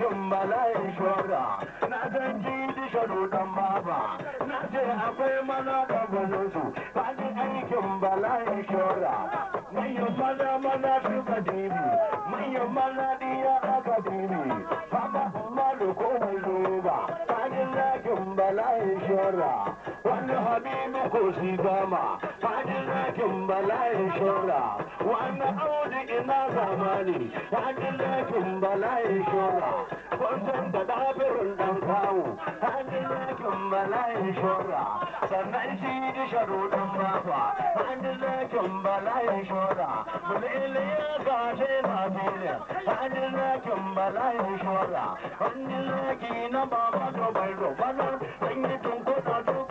rashin bala'in shora na san jiji sharuɗan baba na ce akwai mana da gwazo su ba ni aikin bala'in shora manyan mana mana su kadimi manyan mana diya a kadimi fama malu ko mai zuba ba ni lakin bala'in shora wani habibu ko si gama fadin lakin bala'in shora wani audi ina zamani fadin lakin bala'in shora kwanton da dafirin dan kawo fadin lakin bala'in shora sannan shi ji sharuɗin bafa fadin lakin bala'in shora mulili ya gaje zafirin fadin lakin bala'in shora fadin laki na baba dobai dobanar sanyi tun kusa duk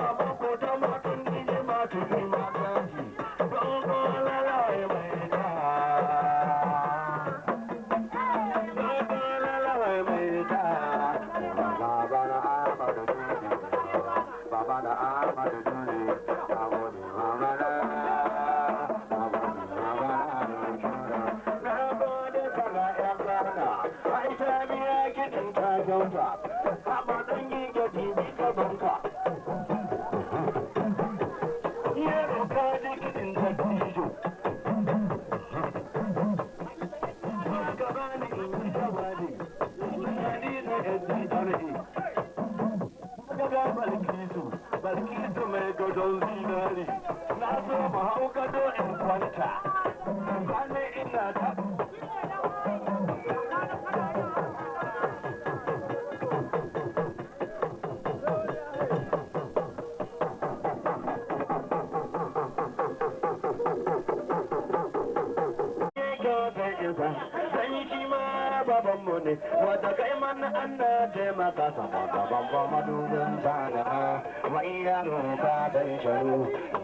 dare na so mu hau gado in kwanta bane ina ta Thank you. babanmu ne wadda kai mana an na taimaka saboda babban madubin sana'a wa iyalin fatan sharu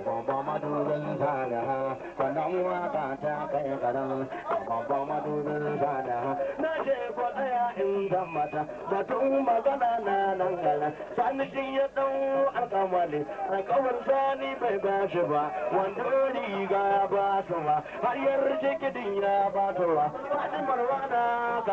babban madubin sana'a sannan waka ta kai karan babban madubin sana'a na je ko tsaya in zan mata batun magana na nan gara sani shi ya dau alkamali alkawar sani bai bashi ba wanda riga ba su ba har yar kidin ya ba su ba fatimar wada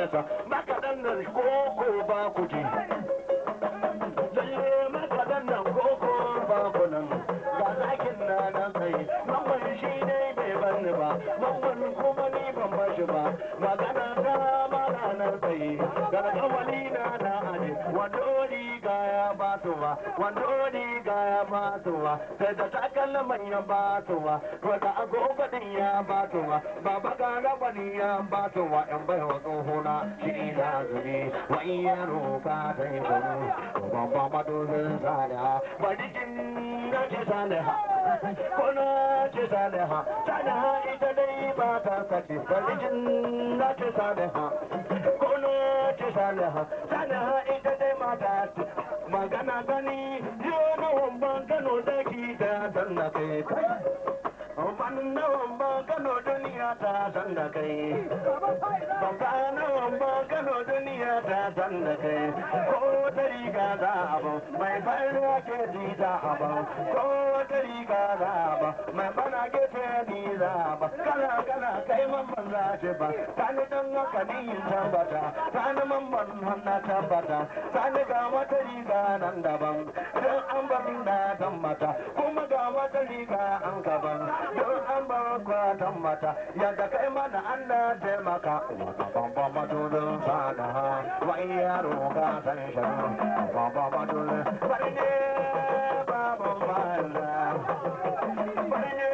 kiɗinsa ba kaɗan nan koko ba ku ji makaɗan nan koko ba ku nan ga na nan tsaye mamman shi ne bai ban ba mamman kuma ni ban bashi ba magana ta mara nan tsaye ga na na wando riga ya ba su ba wando riga ya ba sai da takalman ya ba su ba agogo din ya ba ba baba ga rabani ya ba su ba in bai wa tsohona shi na zube ya roka dai bari jini ci saliha kuna ci saliha saliha ita na ita magana gani yau na wamban kano daki da zanna kai Amfanin nawan ba Kano duniya ta san da kai. Baka nawan ba Kano duniya ta san kai. Ko wata riga za a ba mai fara ke ji za a ba. Ko wata riga za a ba mai bana ke ni za a ba. Kana kana kai mamman za shi ba. Sani dan haka ni tabbata. Sani mamman na tabbata. Sani ga wata riga nan daban. Don an barin da zan mata. Kuma ga wata riga an gaban. don an ba kwatan mata yadda kai mana an da taimaka wata bambam matulun ha, wa yaro ka san shi bambam matulun Bari ne baban mala bari ne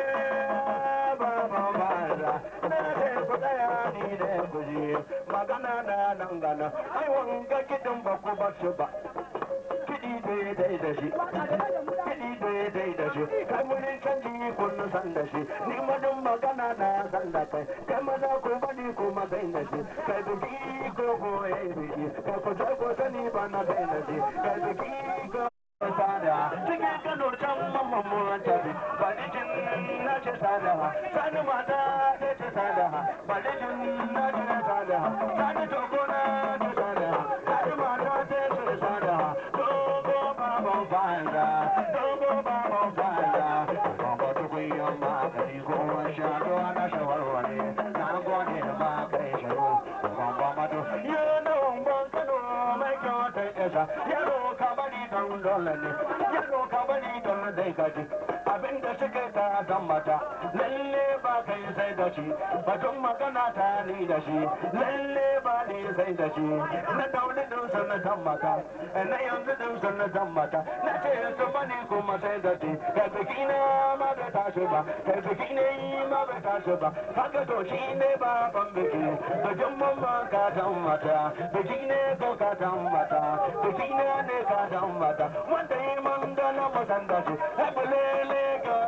baban mala na ce ku tsaya ni da ku ji magana na nan gana ai wanga kiɗin ba ku ba shi ba kiɗi dai da shi kiɗi dai da shi kai munin canji ku shi ni madan magana na san kai kai maza ku bani ku na shi kai ki ko ko yayi biki kai ko sai ko sani ba na daina shi kai biki ko sada cikin kano can mamman ta bi ba jin na ce sada sanu mata ce sada ba jin na ce sada sanu to ko na sa yaro ka bari don ka ne yaro ka don ka gaji abinda suka ta gammata lalle ba kai sai da shi batun magana ta ni da shi lalle ba ni sai da shi na dauli din sun na gammata na yanzu din sun na gammata na ce su bane kuma sai da shi kai biki na ma bai tashi ba kai biki ne ma bai tashi ba haka to shi ne ba ban biki bikin ma ka gammata biki ne ko ka gammata biki ne ne ka gammata wanda yi man gana masan da shi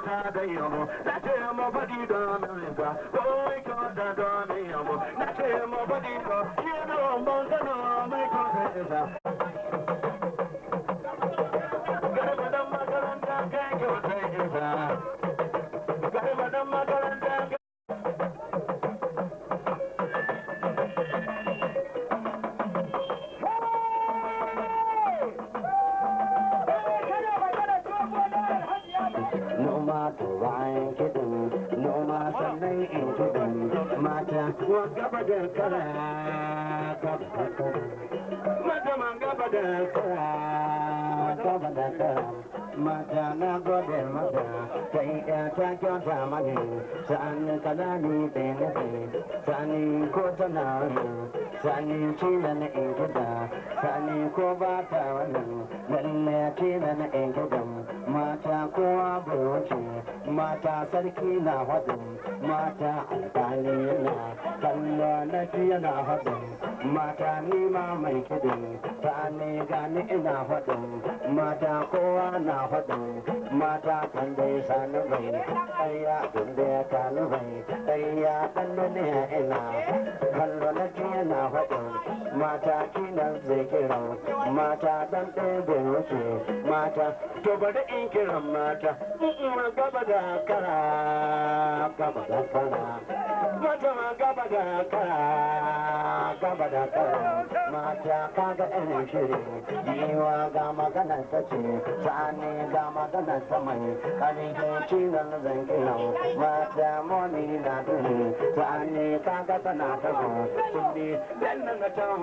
da da yamo, na che mo body da America, oh we call da da yamo, na che mo body you know I'm gonna make a Madana gobe mada sai ya ta kyauta mani sa'ani kalani da nufi sa'ani ko tana wani sa'ani cila na in gida sa'ani ko ba ta wani lalle cila na in gidan mata sarki na hadu mata alkali na kallo na jiya na hadu mata nima mai kidin ta ne gani ina hadu mata kowa na hadu mata kan dai sani bai ɗaya kan dai kanu bai ɗaya ɗan ne ina kallo na jiya na hadu mata kina zikiran mata dan ɗebe wuce mata to bari in kira mata gaba da kara gaba da kara mata gaba da kara gaba da kara mata kaga irin shiri yiwa ga magana ta ce sa'ani ga magana ta mai kalike cizon kira mata moni na duhu sa'ani kaga tana ta sun bi dan nan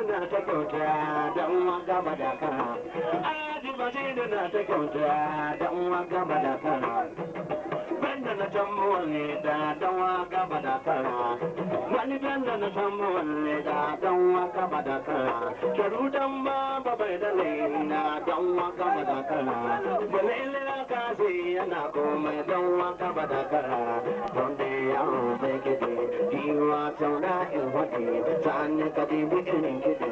da ta kyauta da uwa gaba da kana. Alhaji Bashir ta kyauta da uwa gaba da kana. bello na can mole da dan waka ba da kara wani bello na can mole da dan waka ba da kara karu dan ba ba bai da lai na dan waka ba da kara wani ilira ka sai yana komai dan waka ba da kara don da yaro sai kide diwa tauna in hode sa'an ka dibi irin kide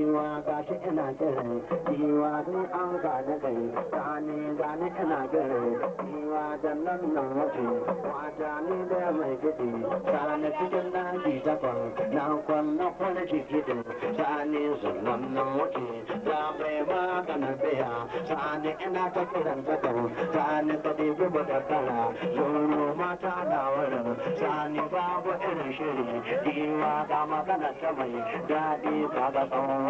giwa gashi ina jiran giwa sun an gane kai gane gane ina jiran giwa jannan nan wace wata ni da mai gidi sani cikin daji takwan na kwanna kwanna jikiɗin ne sunan nan wace za bai ba ka na biya sani ina ta kiran takwan sani ta ɗebi budakara zuru ta na wurin sani babu irin shiri giwa ga magana ta mai daɗi ka ga tsawon